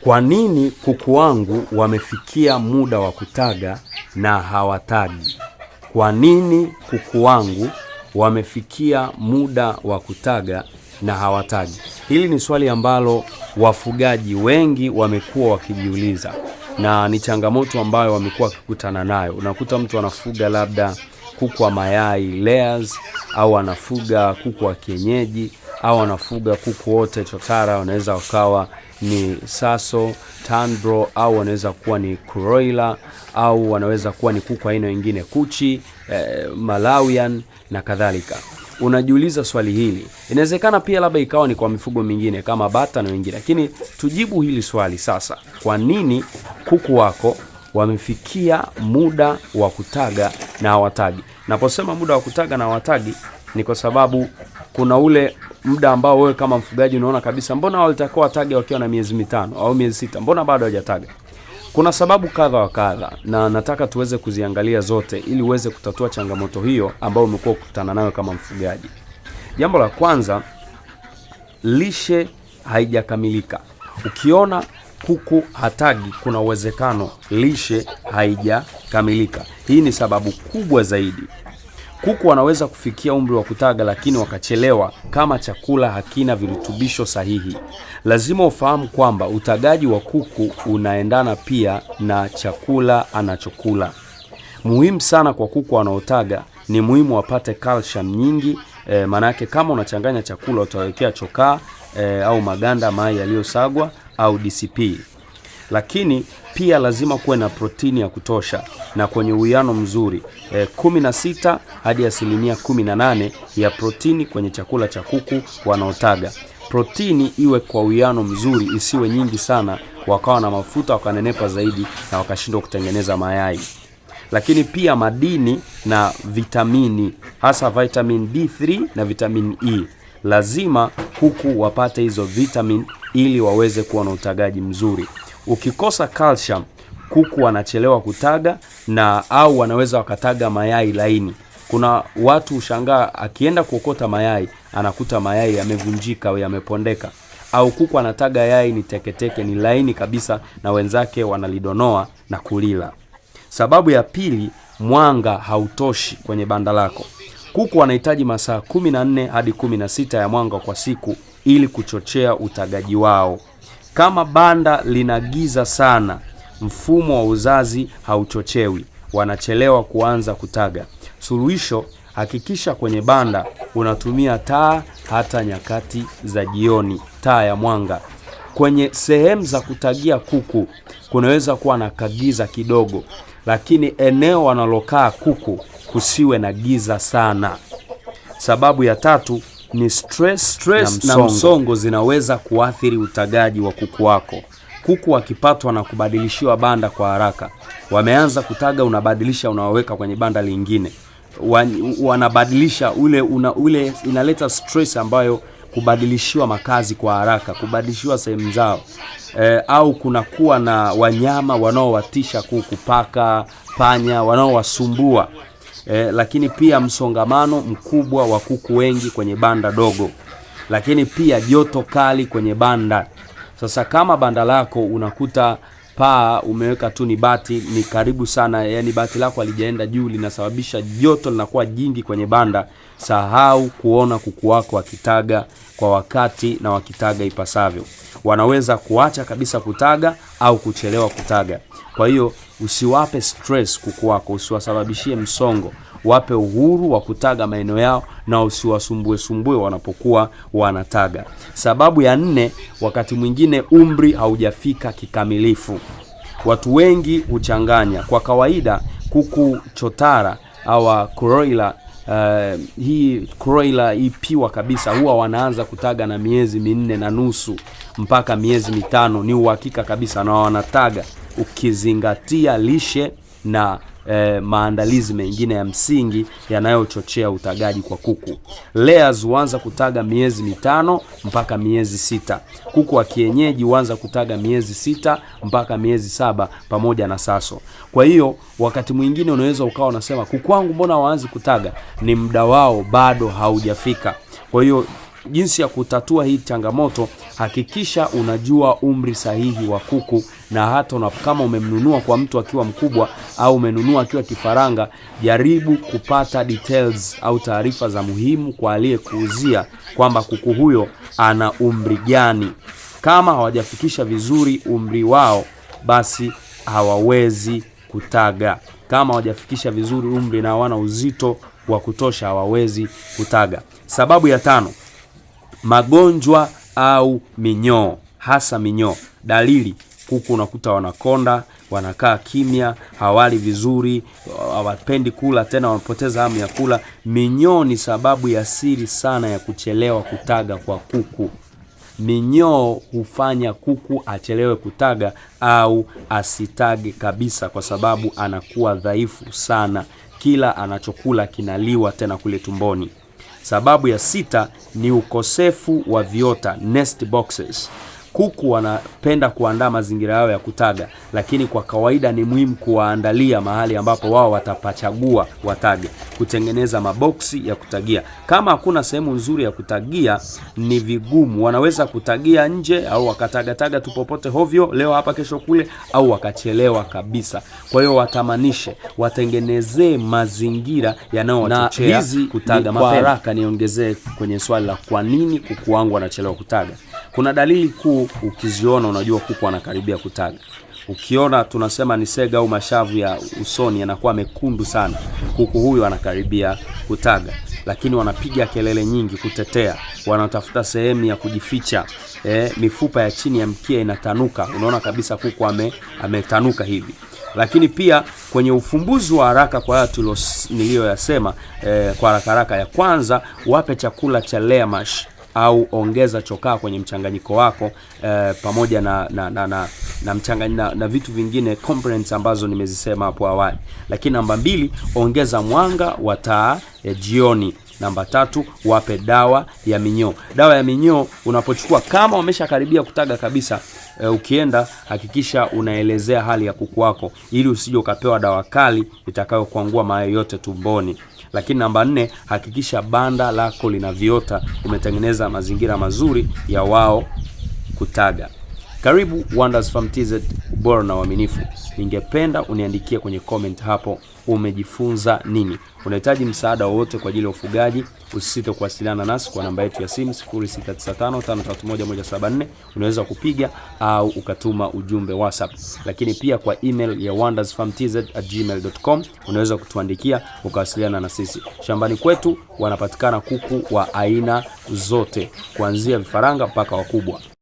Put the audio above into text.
Kwa nini kuku wangu wamefikia muda wa kutaga na hawatagi? Kwa nini kuku wangu wamefikia muda wa kutaga na hawatagi? Hili ni swali ambalo wafugaji wengi wamekuwa wakijiuliza na ni changamoto ambayo wamekuwa wakikutana nayo. Unakuta mtu anafuga labda kuku wa mayai layers, au anafuga kuku wa kienyeji, au anafuga kuku wote chotara, wanaweza wakawa ni Saso, Tanbro au wanaweza kuwa ni Kuroila au wanaweza kuwa ni kuku aina nyingine Kuchi, eh, Malawian na kadhalika. Unajiuliza swali hili, inawezekana pia labda ikawa ni kwa mifugo mingine kama bata na wengine, lakini tujibu hili swali sasa. Kwa nini kuku wako wamefikia muda wa kutaga na hawatagi? Naposema muda wa kutaga na hawatagi ni kwa sababu kuna ule muda ambao wewe kama mfugaji unaona kabisa, mbona walitakiwa watage wakiwa na miezi mitano au miezi sita, mbona bado hawajataga? Kuna sababu kadha wa kadha, na nataka tuweze kuziangalia zote ili uweze kutatua changamoto hiyo ambayo umekuwa ukutana nayo kama mfugaji. Jambo la kwanza, lishe haijakamilika. Ukiona kuku hatagi, kuna uwezekano lishe haijakamilika. Hii ni sababu kubwa zaidi. Kuku wanaweza kufikia umri wa kutaga, lakini wakachelewa kama chakula hakina virutubisho sahihi. Lazima ufahamu kwamba utagaji wa kuku unaendana pia na chakula anachokula. Muhimu sana kwa kuku wanaotaga ni muhimu wapate calcium nyingi. E, eh, maanake kama unachanganya chakula utawekea chokaa e, au maganda mai yaliyosagwa au DCP lakini pia lazima kuwe na protini ya kutosha na kwenye uwiano mzuri e, eh, 16 hadi asilimia 18 ya protini kwenye chakula cha kuku wanaotaga. Protini iwe kwa uwiano mzuri, isiwe nyingi sana wakawa na mafuta wakanenepa zaidi na wakashindwa kutengeneza mayai. Lakini pia madini na vitamini, hasa vitamin D3 na vitamin E, lazima kuku wapate hizo vitamin ili waweze kuwa na utagaji mzuri. Ukikosa calcium, kuku wanachelewa kutaga na au wanaweza wakataga mayai laini. Kuna watu ushangaa, akienda kuokota mayai anakuta mayai yamevunjika au yamepondeka, au kuku anataga yai ni teketeke, ni laini kabisa, na wenzake wanalidonoa na kulila. Sababu ya pili, mwanga hautoshi kwenye banda lako. Kuku wanahitaji masaa 14 hadi 16 ya mwanga kwa siku ili kuchochea utagaji wao. Kama banda lina giza sana, mfumo wa uzazi hauchochewi, wanachelewa kuanza kutaga. Suluhisho: hakikisha kwenye banda unatumia taa hata nyakati za jioni, taa ya mwanga. Kwenye sehemu za kutagia kuku kunaweza kuwa na kagiza kidogo, lakini eneo wanalokaa kuku kusiwe na giza sana. Sababu ya tatu ni stress, stress na, msongo. na msongo zinaweza kuathiri utagaji wa kuku wako. Kuku wakipatwa na kubadilishiwa banda kwa haraka, wameanza kutaga, unabadilisha unaweka kwenye banda lingine, wanabadilisha ule, una, ule inaleta stress ambayo kubadilishiwa makazi kwa haraka, kubadilishiwa sehemu zao e, au kunakuwa na wanyama wanaowatisha kuku, paka, panya wanaowasumbua e, lakini pia msongamano mkubwa wa kuku wengi kwenye banda dogo, lakini pia joto kali kwenye banda. Sasa kama banda lako unakuta paa umeweka tu ni bati, ni karibu sana, yani bati lako alijaenda juu, linasababisha joto linakuwa jingi kwenye banda. Sahau kuona kuku wako akitaga kwa wakati na wakitaga ipasavyo. Wanaweza kuacha kabisa kutaga au kuchelewa kutaga. Kwa hiyo usiwape stress kuku wako, usiwasababishie msongo. Wape uhuru wa kutaga maeneo yao na usiwasumbue sumbue wanapokuwa wanataga. Sababu ya nne, wakati mwingine umri haujafika kikamilifu. Watu wengi huchanganya. Kwa kawaida kuku chotara au Kuroiler uh, hii kroila ipiwa kabisa huwa wanaanza kutaga na miezi minne na nusu mpaka miezi mitano, ni uhakika kabisa, na wanataga ukizingatia lishe na eh, maandalizi mengine ya msingi yanayochochea utagaji kwa kuku. Layers huanza kutaga miezi mitano mpaka miezi sita. Kuku wa kienyeji huanza kutaga miezi sita mpaka miezi saba pamoja na saso. Kwa hiyo wakati mwingine unaweza ukawa unasema kuku wangu mbona waanzi kutaga? Ni muda wao bado haujafika. Kwa hiyo Jinsi ya kutatua hii changamoto, hakikisha unajua umri sahihi wa kuku, na hata na kama umemnunua kwa mtu akiwa mkubwa au umenunua akiwa kifaranga, jaribu kupata details au taarifa za muhimu kwa aliyekuuzia kwamba kuku huyo ana umri gani. Kama hawajafikisha vizuri umri wao, basi hawawezi kutaga. Kama hawajafikisha vizuri umri na hawana uzito wa kutosha, hawawezi kutaga. Sababu ya tano, magonjwa au minyoo, hasa minyoo. Dalili kuku unakuta wanakonda, wanakaa kimya, hawali vizuri, hawapendi kula tena, wanapoteza hamu ya kula. Minyoo ni sababu ya siri sana ya kuchelewa kutaga kwa kuku. Minyoo hufanya kuku achelewe kutaga au asitage kabisa, kwa sababu anakuwa dhaifu sana, kila anachokula kinaliwa tena kule tumboni. Sababu ya sita ni ukosefu wa viota nest boxes. Kuku wanapenda kuandaa mazingira yao ya kutaga, lakini kwa kawaida ni muhimu kuwaandalia mahali ambapo wao watapachagua watage, kutengeneza maboksi ya kutagia. Kama hakuna sehemu nzuri ya kutagia, ni vigumu. Wanaweza kutagia nje au wakatagataga tu popote hovyo, leo hapa, kesho kule, au wakachelewa kabisa. Kwa hiyo watamanishe, watengenezee mazingira yanayowachochea kutaga mapema. Haraka niongezee kwenye swali la kwa nini kuku wangu wanachelewa kutaga. Kuna dalili kuu ukiziona, unajua kuku anakaribia kutaga. Ukiona tunasema ni sega au mashavu ya usoni yanakuwa mekundu sana, kuku huyu anakaribia kutaga, lakini wanapiga kelele nyingi kutetea, wanatafuta sehemu ya kujificha. E, mifupa ya chini ya mkia inatanuka, unaona kabisa kuku ame, ametanuka hivi lakini pia kwenye ufumbuzi wa haraka kwa hayo niliyoyasema, eh, kwa haraka haraka, ya kwanza wape chakula cha layer mash au ongeza chokaa kwenye mchanganyiko wako eh, pamoja na na na, na, na, mchangany, na na vitu vingine components ambazo nimezisema hapo awali. Lakini namba mbili, ongeza mwanga wa taa ya jioni. Namba tatu, wape dawa ya minyoo. Dawa ya minyoo unapochukua, kama wameshakaribia kutaga kabisa, e, ukienda hakikisha unaelezea hali ya kuku wako, ili usije ukapewa dawa kali itakayokuangua mayai yote tumboni. Lakini namba nne, hakikisha banda lako lina viota, umetengeneza mazingira mazuri ya wao kutaga. Karibu Wonders Farm TZ, bora na uaminifu. Ningependa uniandikie kwenye comment hapo umejifunza nini. Unahitaji msaada wowote kwa ajili ya ufugaji, usisite kuwasiliana nasi kwa namba yetu ya simu 0695531174. Unaweza kupiga au ukatuma ujumbe WhatsApp, lakini pia kwa email ya wondersfarmtz@gmail.com unaweza kutuandikia ukawasiliana na sisi. Shambani kwetu wanapatikana kuku wa aina zote kuanzia vifaranga mpaka wakubwa.